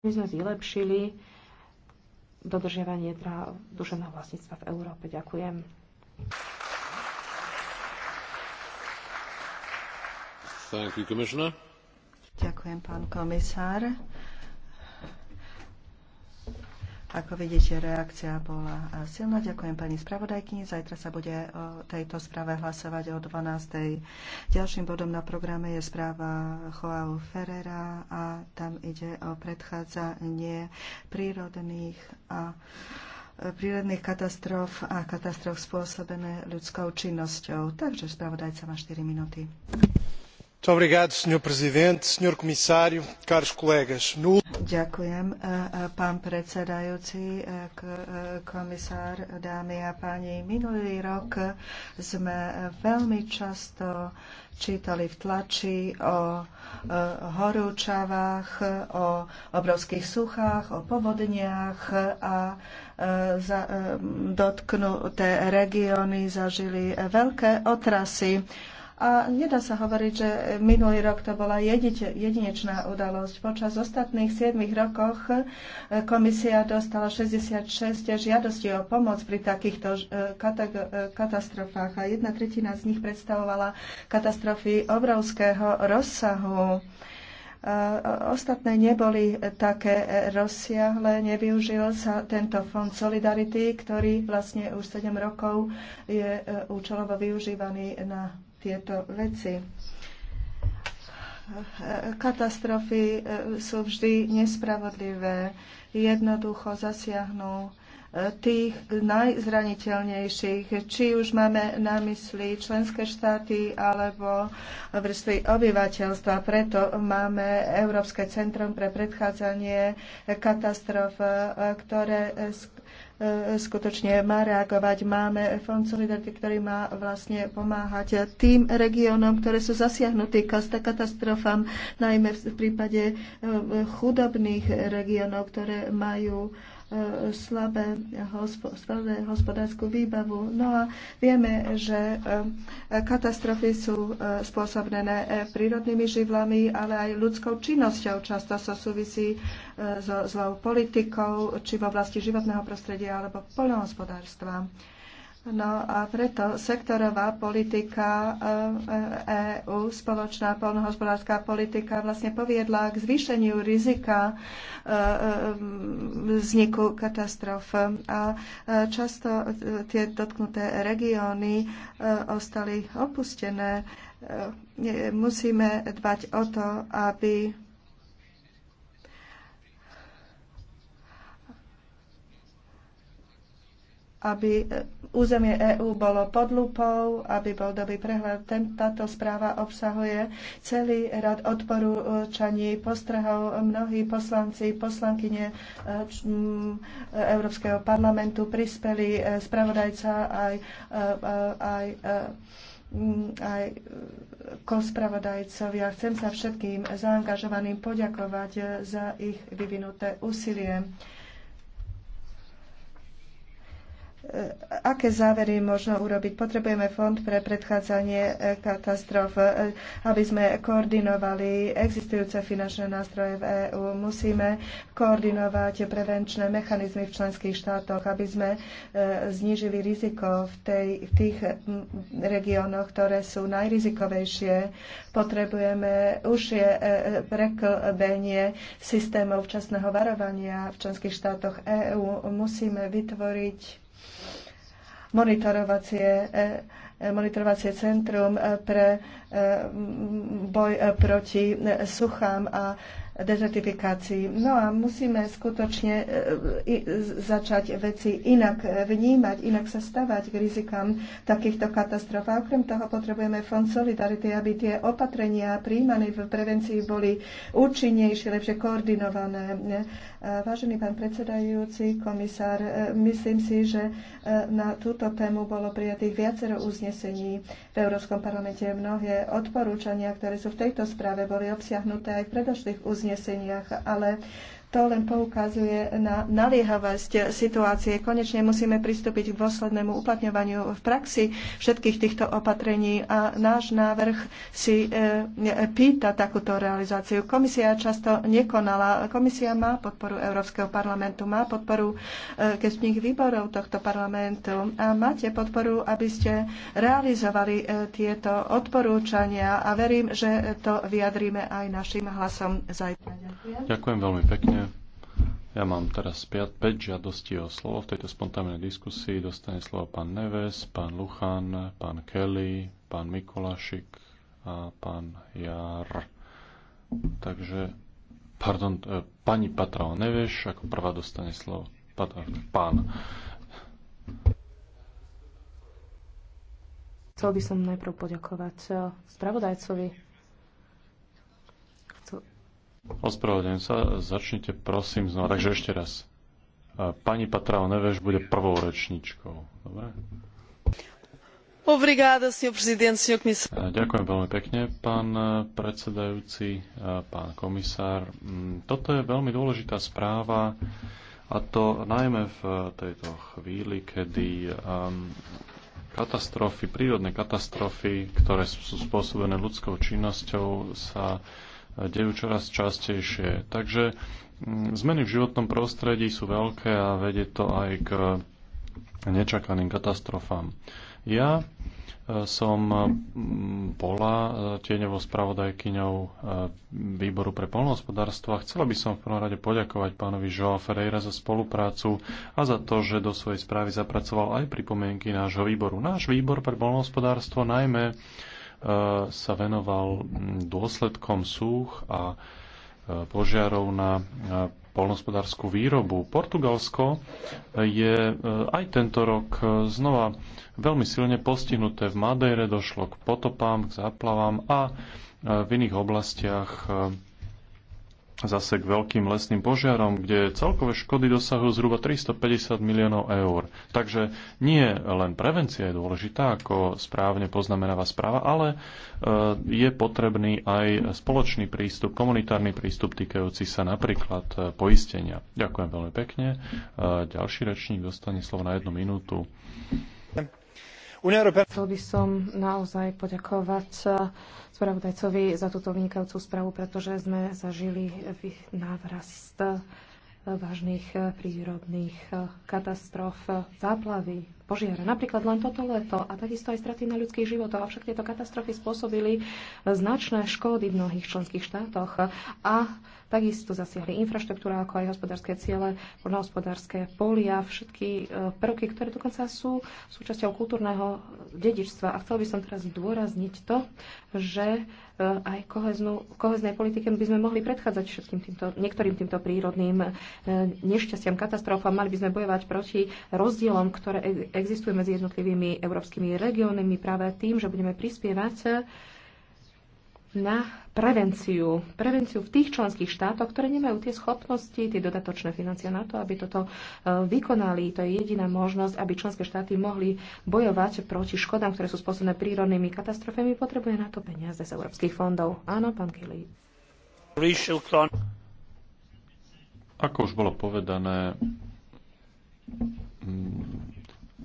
My sme vylepšili dodržiavanie práv duševného vlastníctva v Európe. Ďakujem. Thank you, Ďakujem, pán komisár. Ako vidíte, reakcia bola e, silná. Ďakujem pani spravodajky. Zajtra sa bude o tejto správe hlasovať o 12. Ďalším bodom na programe je správa Joao Ferrera a tam ide o predchádzanie prírodných a e, prírodných katastrof a katastrof spôsobené ľudskou činnosťou. Takže spravodajca má 4 minúty. Muito obrigado, senhor Presidente, senhor Comissário, caros colegas. No... Ďakujem, e, e, pán predsedajúci, e, komisár, dámy a páni. Minulý rok sme veľmi často čítali v tlači o horúčavách, o obrovských suchách, o povodniach a za, dotknuté regióny zažili veľké otrasy a nedá sa hovoriť, že minulý rok to bola jedinečná udalosť. Počas ostatných 7 rokoch e, komisia dostala 66 žiadostí o pomoc pri takýchto e, e, katastrofách a jedna tretina z nich predstavovala katastrofy obrovského rozsahu ostatné neboli také rozsiahle, nevyužil sa tento fond Solidarity, ktorý vlastne už 7 rokov je účelovo využívaný na tieto veci. Katastrofy eh, sú vždy nespravodlivé, jednoducho zasiahnú eh, tých najzraniteľnejších, či už máme na mysli členské štáty alebo vrstvy obyvateľstva. Preto máme Európske centrum pre predchádzanie katastrof, eh, ktoré E, skutočne má reagovať. Máme Fond Solidarity, ktorý má vlastne pomáhať tým regiónom, ktoré sú zasiahnuté katastrofám, najmä v prípade e, chudobných regiónov, ktoré majú E, slabé hospodárskú výbavu. No a vieme, že e, katastrofy sú e, spôsobené prírodnými živlami, ale aj ľudskou činnosťou. Často sa súvisí so zlou politikou, či v oblasti životného prostredia alebo poľnohospodárstva. No a preto sektorová politika EÚ, eh, e spoločná polnohospodárska politika vlastne poviedla k zvýšeniu rizika eh, eh, vzniku katastrof. A často tie dotknuté regióny ostali opustené. Musíme dbať o to, aby aby územie EÚ bolo pod lupou, aby bol dobrý prehľad. Ten, táto správa obsahuje celý rad odporúčaní, postrehov. Mnohí poslanci, poslankyne eh, mm, Európskeho parlamentu prispeli, eh, spravodajca aj, eh, aj, aj kospravodajcovia. Chcem sa všetkým zaangažovaným poďakovať za ich vyvinuté úsilie. E, aké závery možno urobiť. Potrebujeme fond pre predchádzanie e, katastrof, e, aby sme koordinovali existujúce finančné nástroje v EÚ. Musíme koordinovať prevenčné mechanizmy v členských štátoch, aby sme znížili riziko v, tej, v tých regiónoch, ktoré sú najrizikovejšie. Potrebujeme užšie preklbenie systémov včasného varovania v členských štátoch EÚ. Musíme vytvoriť monitorovacie, e, e, monitorovacie centrum e, pre boj proti suchám a dezertifikácii. No a musíme skutočne e, začať veci inak vnímať, inak sa stavať k rizikám takýchto katastrof. A okrem toho potrebujeme fond Solidarity, aby tie opatrenia príjmané v prevencii boli účinnejšie, lepšie koordinované. E, vážený pán predsedajúci, komisár, e, myslím si, že na túto tému bolo prijatých viacero uznesení v Európskom parlamente. Mnohé odporúčania, ktoré sú v tejto správe, boli obsiahnuté aj v predošlých uzneseniach uzneseniach, ale to len poukazuje na naliehavosť situácie. Konečne musíme pristúpiť k dôslednému uplatňovaniu v praxi všetkých týchto opatrení a náš návrh si e, pýta takúto realizáciu. Komisia často nekonala. Komisia má podporu Európskeho parlamentu, má podporu e, kestných výborov tohto parlamentu a máte podporu, aby ste realizovali e, tieto odporúčania a verím, že to vyjadríme aj našim hlasom zajtra. Ďakujem veľmi pekne. Ja mám teraz 5, 5 žiadostí o slovo v tejto spontánnej diskusii. Dostane slovo pán Neves, pán Luchan, pán Kelly, pán Mikolašik a pán Jar. Takže, pardon, e, pani Patrao Neves, ako prvá dostane slovo. E, pán. Chcel by som najprv poďakovať e, spravodajcovi Ospravedlňujem sa, začnite prosím znova. Takže ešte raz. Pani Patrao Neveš bude prvou rečničkou. Dobre? Obrigada, senhor presidente, senhor komisár. Ďakujem veľmi pekne, pán predsedajúci, pán komisár. Mm, toto je veľmi dôležitá správa, a to najmä v tejto chvíli, kedy um, katastrofy, prírodné katastrofy, ktoré sú spôsobené ľudskou činnosťou, sa dejú čoraz častejšie. Takže mm, zmeny v životnom prostredí sú veľké a vedie to aj k nečakaným katastrofám. Ja e, som e, bola e, tieňovou spravodajkyňou výboru pre polnohospodárstvo a chcela by som v prvom rade poďakovať pánovi Joa Ferreira za spoluprácu a za to, že do svojej správy zapracoval aj pripomienky nášho výboru. Náš výbor pre polnohospodárstvo najmä Eh, sa venoval dôsledkom súch a eh, požiarov na eh, polnospodárskú výrobu. Portugalsko je aj tento rok znova veľmi silne postihnuté. V Madeire došlo k potopám, k záplavám a v iných oblastiach zase k veľkým lesným požiarom, kde celkové škody dosahujú zhruba 350 miliónov eur. Takže nie len prevencia je dôležitá, ako správne poznamenáva správa, ale e, je potrebný aj spoločný prístup, komunitárny prístup týkajúci sa napríklad e, poistenia. Ďakujem veľmi pekne. E, ďalší rečník dostane slovo na jednu minútu. Chcel by som naozaj poďakovať eh, spravodajcovi za túto vynikajúcu správu, pretože sme zažili návrast eh, vážnych eh, prírodných katastrof, záplavy, požiare. Napríklad len toto leto a takisto aj straty na ľudských životoch. Avšak tieto katastrofy spôsobili značné škody v mnohých členských štátoch a takisto zasiahli infraštruktúra, ako aj hospodárske ciele, poľnohospodárske polia, všetky e, prvky, ktoré dokonca sú súčasťou kultúrneho dedičstva. A chcel by som teraz zdôrazniť to, že e, aj koheznú, koheznej politike by sme mohli predchádzať všetkým týmto, niektorým týmto prírodným e, nešťastiam, katastrofám. Mali by sme bojovať proti rozdielom, ktoré existuje medzi jednotlivými európskymi regiónmi práve tým, že budeme prispievať na prevenciu. Prevenciu v tých členských štátoch, ktoré nemajú tie schopnosti, tie dodatočné financie na to, aby toto e, vykonali. To je jediná možnosť, aby členské štáty mohli bojovať proti škodám, ktoré sú spôsobené prírodnými katastrofami. Potrebuje na to peniaze z európskych fondov. Áno, pán Kili. Ako už bolo povedané,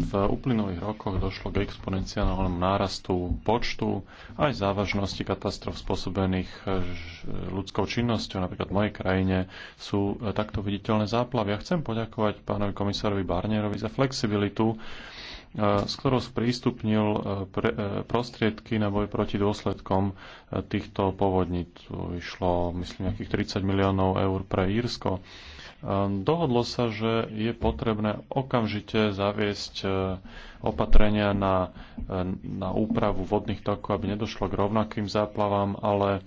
v uplynulých rokoch došlo k exponenciálnemu nárastu počtu aj závažnosti katastrof spôsobených e, ľudskou činnosťou. Napríklad v mojej krajine sú e, takto viditeľné záplavy. Ja chcem poďakovať pánovi komisárovi Barnierovi za flexibilitu, e, s ktorou sprístupnil prostriedky na boj proti dôsledkom týchto povodní. Tu išlo, myslím, nejakých 30 miliónov eur pre Írsko Ehm, dohodlo sa, že je potrebné okamžite zaviesť e, opatrenia na, e, na úpravu vodných tokov, aby nedošlo k rovnakým záplavám, ale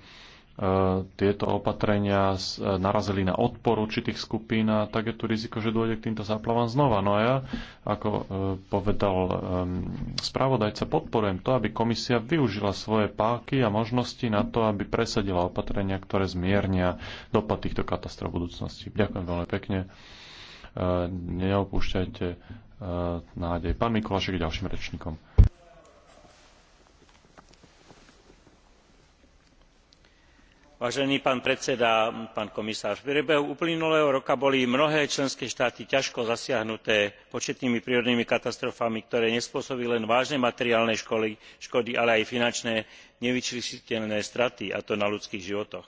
E, tieto opatrenia e, narazili na odpor určitých skupín a tak je tu riziko, že dôjde k týmto záplavám znova. No a ja, ako e, povedal spravodajca, podporujem to, aby komisia využila svoje páky a možnosti na to, aby presadila opatrenia, ktoré zmiernia dopad týchto katastrof budúcnosti. Ďakujem veľmi pekne. Neopúšťajte nádej. Pán Mikulašek je ďalším rečníkom. vážený pán predseda pán komisár v priebehu uplynulého roka boli mnohé členské štáty ťažko zasiahnuté početnými prírodnými katastrofami ktoré nespôsobili len vážne materiálne škody ale aj finančné nevyčísliteľné straty a to na ľudských životoch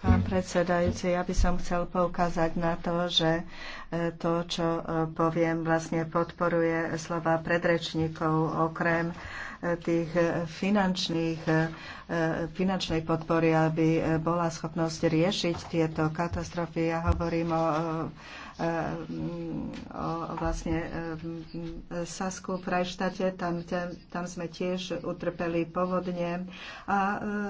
Pán predsedajúci, ja by som chcel poukázať na to, že e, to, čo e, poviem, vlastne podporuje slova predrečníkov okrem tých eh, finančných, eh, finančnej podpory, aby eh, bola schopnosť riešiť tieto katastrofy. Ja hovorím o mm, o vlastne Sasku, Rajštate, tam, tam sme tiež utrpeli povodne. A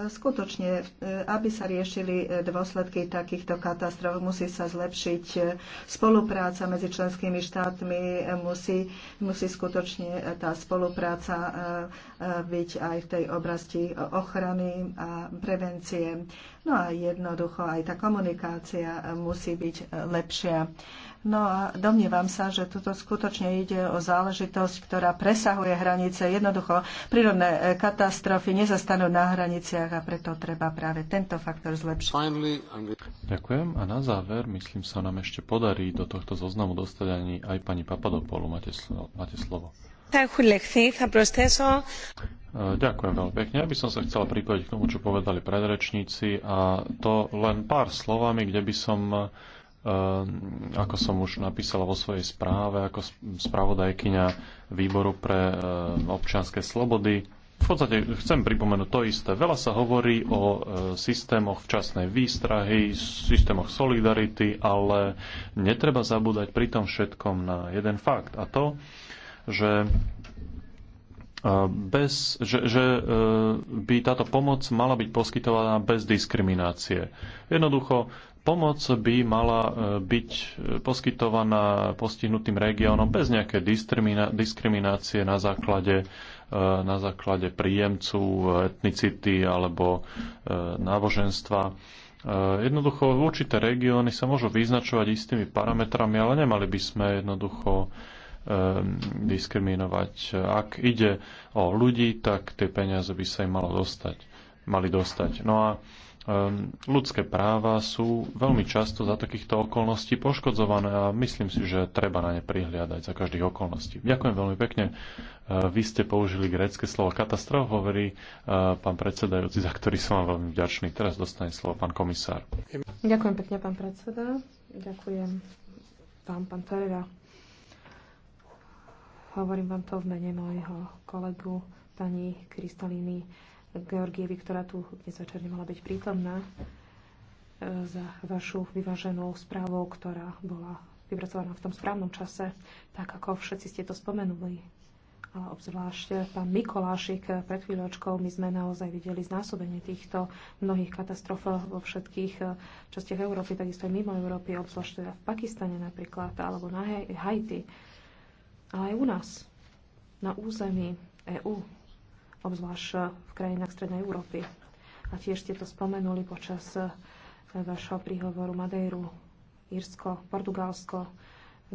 skutočne, aby sa riešili dôsledky takýchto katastrof, musí sa zlepšiť spolupráca medzi členskými štátmi, musí, musí skutočne tá spolupráca Eh, byť aj v tej oblasti ochrany a prevencie. No a jednoducho aj tá komunikácia eh, musí byť eh, lepšia. No a domnievam sa, že toto skutočne ide o záležitosť, ktorá presahuje hranice. Jednoducho prírodné katastrofy nezastanú na hraniciach a preto treba práve tento faktor zlepšiť. Ďakujem a na záver, myslím sa, nám ešte podarí do tohto zoznamu dostať ani aj pani Papadopolu. Máte, máte slovo. E, ďakujem veľmi pekne. Ja by som sa chcela pripojiť k tomu, čo povedali predrečníci a to len pár slovami, kde by som, e, ako som už napísala vo svojej správe, ako spravodajkyňa Výboru pre e, občianske slobody, v podstate chcem pripomenúť to isté. Veľa sa hovorí o systémoch včasnej výstrahy, systémoch solidarity, ale netreba zabúdať pri tom všetkom na jeden fakt. A to, že e, bez, že, že e, by táto pomoc mala byť poskytovaná bez diskriminácie. Jednoducho, pomoc by mala e, byť poskytovaná postihnutým regiónom bez nejaké diskriminácie na základe, na základe príjemcu, etnicity alebo náboženstva. Jednoducho, určité regióny sa môžu vyznačovať istými parametrami, ale nemali by sme jednoducho Ehm, diskriminovať. Ak ide o ľudí, tak tie peniaze by sa im malo dostať, mali dostať. No a ehm, ľudské práva sú veľmi často za takýchto okolností poškodzované a myslím si, že treba na ne prihliadať za každých okolností. Ďakujem veľmi pekne. Ehm, vy ste použili grécke slovo katastrof, hovorí pán predsedajúci, za ktorý som vám veľmi vďačný. Teraz dostane slovo pán komisár. Ďakujem pekne, pán predseda. Ďakujem vám, pán Ferreira. Hovorím vám to v mene môjho kolegu pani Kristalíny Georgievi, ktorá tu dnes večer nemala byť prítomná e, za vašu vyváženú správu, ktorá bola vypracovaná v tom správnom čase, tak ako všetci ste to spomenuli. A obzvlášť pán Mikolášik pred chvíľočkou, my sme naozaj videli znásobenie týchto mnohých katastrof vo všetkých e, častiach Európy, takisto aj mimo Európy, obzvlášť teda v Pakistane napríklad, alebo na Haiti ale aj u nás, na území EÚ, obzvlášť v krajinách Strednej Európy. A tiež ste to spomenuli počas e, vašho príhovoru Madejru, Írsko, Portugalsko,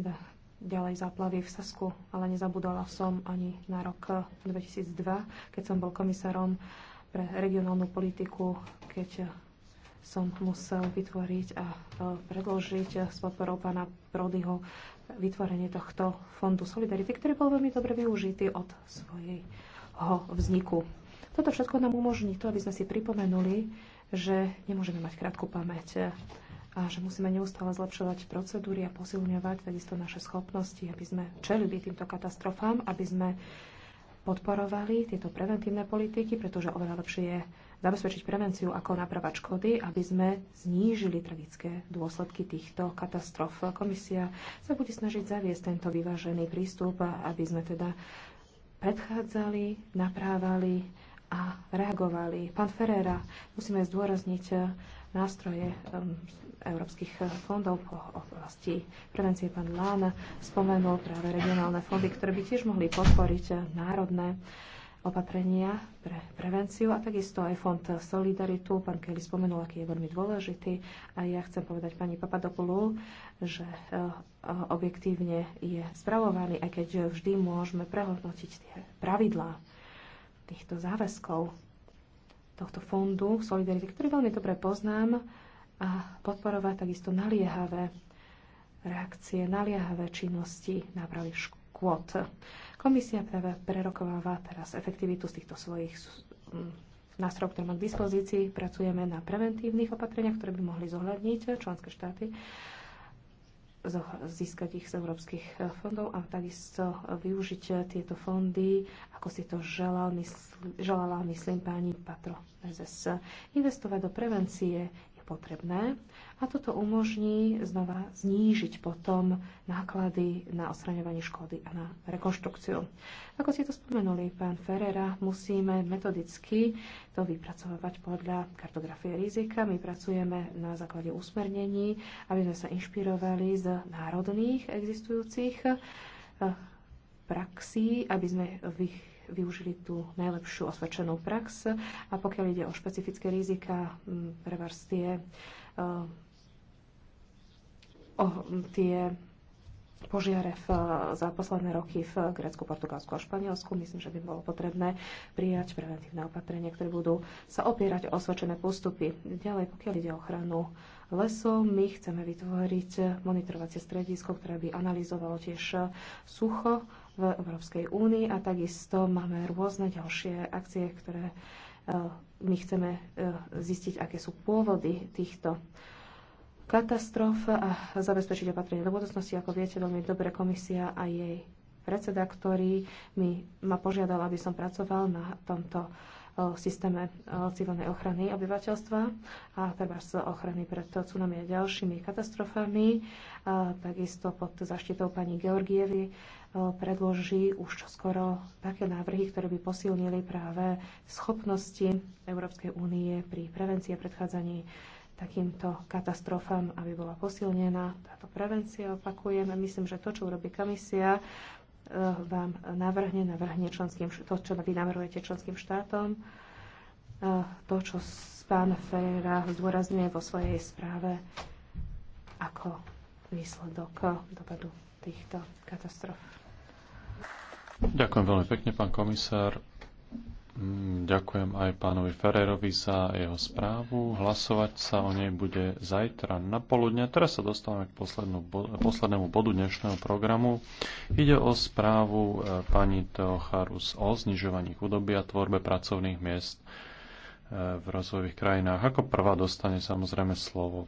teda ďalej záplavy v Sasku, ale nezabudala som ani na rok 2002, e, keď som bol komisárom pre regionálnu politiku, keď e, som musel vytvoriť a e, predložiť s podporou pána Prodyho vytvorenie tohto fondu Solidarity, ktorý bol veľmi dobre využitý od svojho vzniku. Toto všetko nám umožní to, aby sme si pripomenuli, že nemôžeme mať krátku pamäť a že musíme neustále zlepšovať procedúry a posilňovať takisto naše schopnosti, aby sme čelili týmto katastrofám, aby sme podporovali tieto preventívne politiky, pretože oveľa lepšie je zabezpečiť prevenciu ako naprava škody, aby sme znížili tragické dôsledky týchto katastrof. Komisia sa bude snažiť zaviesť tento vyvážený prístup, aby sme teda predchádzali, naprávali a reagovali. Pán Ferreira, musíme zdôrazniť nástroje um, európskych fondov po oblasti prevencie. Pán Lána spomenul práve regionálne fondy, ktoré by tiež mohli podporiť národné opatrenia pre prevenciu a takisto aj fond Solidaritu. Pán Kelly spomenul, aký je veľmi dôležitý a ja chcem povedať pani Papadopoulou, že e, e, objektívne je spravovaný, aj keď vždy môžeme prehodnotiť tie pravidlá týchto záväzkov tohto fondu Solidarity, ktorý veľmi dobre poznám a podporovať takisto naliehavé reakcie, naliehavé činnosti nápravy škôl kvót. Komisia práve prerokováva teraz efektivitu z týchto svojich mm, nástrojov, ktoré má k dispozícii. Pracujeme na preventívnych opatreniach, ktoré by mohli zohľadniť členské štáty získať ich z európskych eh, fondov a takisto využiť eh, tieto fondy, ako si to želal, mysl, želala, myslím, pani Patro Nezes. Investovať do prevencie potrebné a toto umožní znova znížiť potom náklady na osraňovanie škody a na rekonštrukciu. Ako ste to spomenuli, pán Ferrera, musíme metodicky to vypracovať podľa kartografie rizika. My pracujeme na základe usmernení, aby sme sa inšpirovali z národných existujúcich eh, praxí, aby sme ich využili tú najlepšiu osvedčenú prax. A pokiaľ ide o špecifické rizika, prevárs tie, e, o, tie požiare v, za posledné roky v Grécku, Portugalsku a Španielsku. Myslím, že by bolo potrebné prijať preventívne opatrenia, ktoré budú sa opierať o osvedčené postupy. Ďalej, pokiaľ ide o ochranu lesov, my chceme vytvoriť monitorovacie stredisko, ktoré by analyzovalo tiež sucho v Európskej únii a takisto máme rôzne ďalšie akcie, ktoré e, my chceme e, zistiť, aké sú pôvody týchto katastrof a zabezpečiť opatrenie do budúcnosti. Ako viete, veľmi dobre komisia a jej predseda, ktorý mi, ma požiadal, aby som pracoval na tomto e, systéme e, civilnej ochrany obyvateľstva a treba z ochrany pred tsunami a ďalšími katastrofami. A e, takisto pod zaštitou pani Georgievy predloží už skoro také návrhy, ktoré by posilnili práve schopnosti Európskej únie pri prevencii a predchádzaní takýmto katastrofám, aby bola posilnená táto prevencia. Opakujem, myslím, že to, čo urobí komisia, Eh, vám navrhne, navrhne členským, to, čo vy navrhujete členským štátom, eh, to, čo pán Ferreira zdôrazňuje vo svojej správe ako výsledok eh, dopadu týchto katastrof. Ďakujem veľmi pekne, pán komisár. Mm, ďakujem aj pánovi Ferrerovi za jeho správu. Hlasovať sa o nej bude zajtra na poludne. Teraz sa dostávame k poslednému bodu dnešného programu. Ide o správu e, pani Teocharus o znižovaní chudoby a tvorbe pracovných miest e, v rozvojových krajinách. Ako prvá dostane samozrejme slovo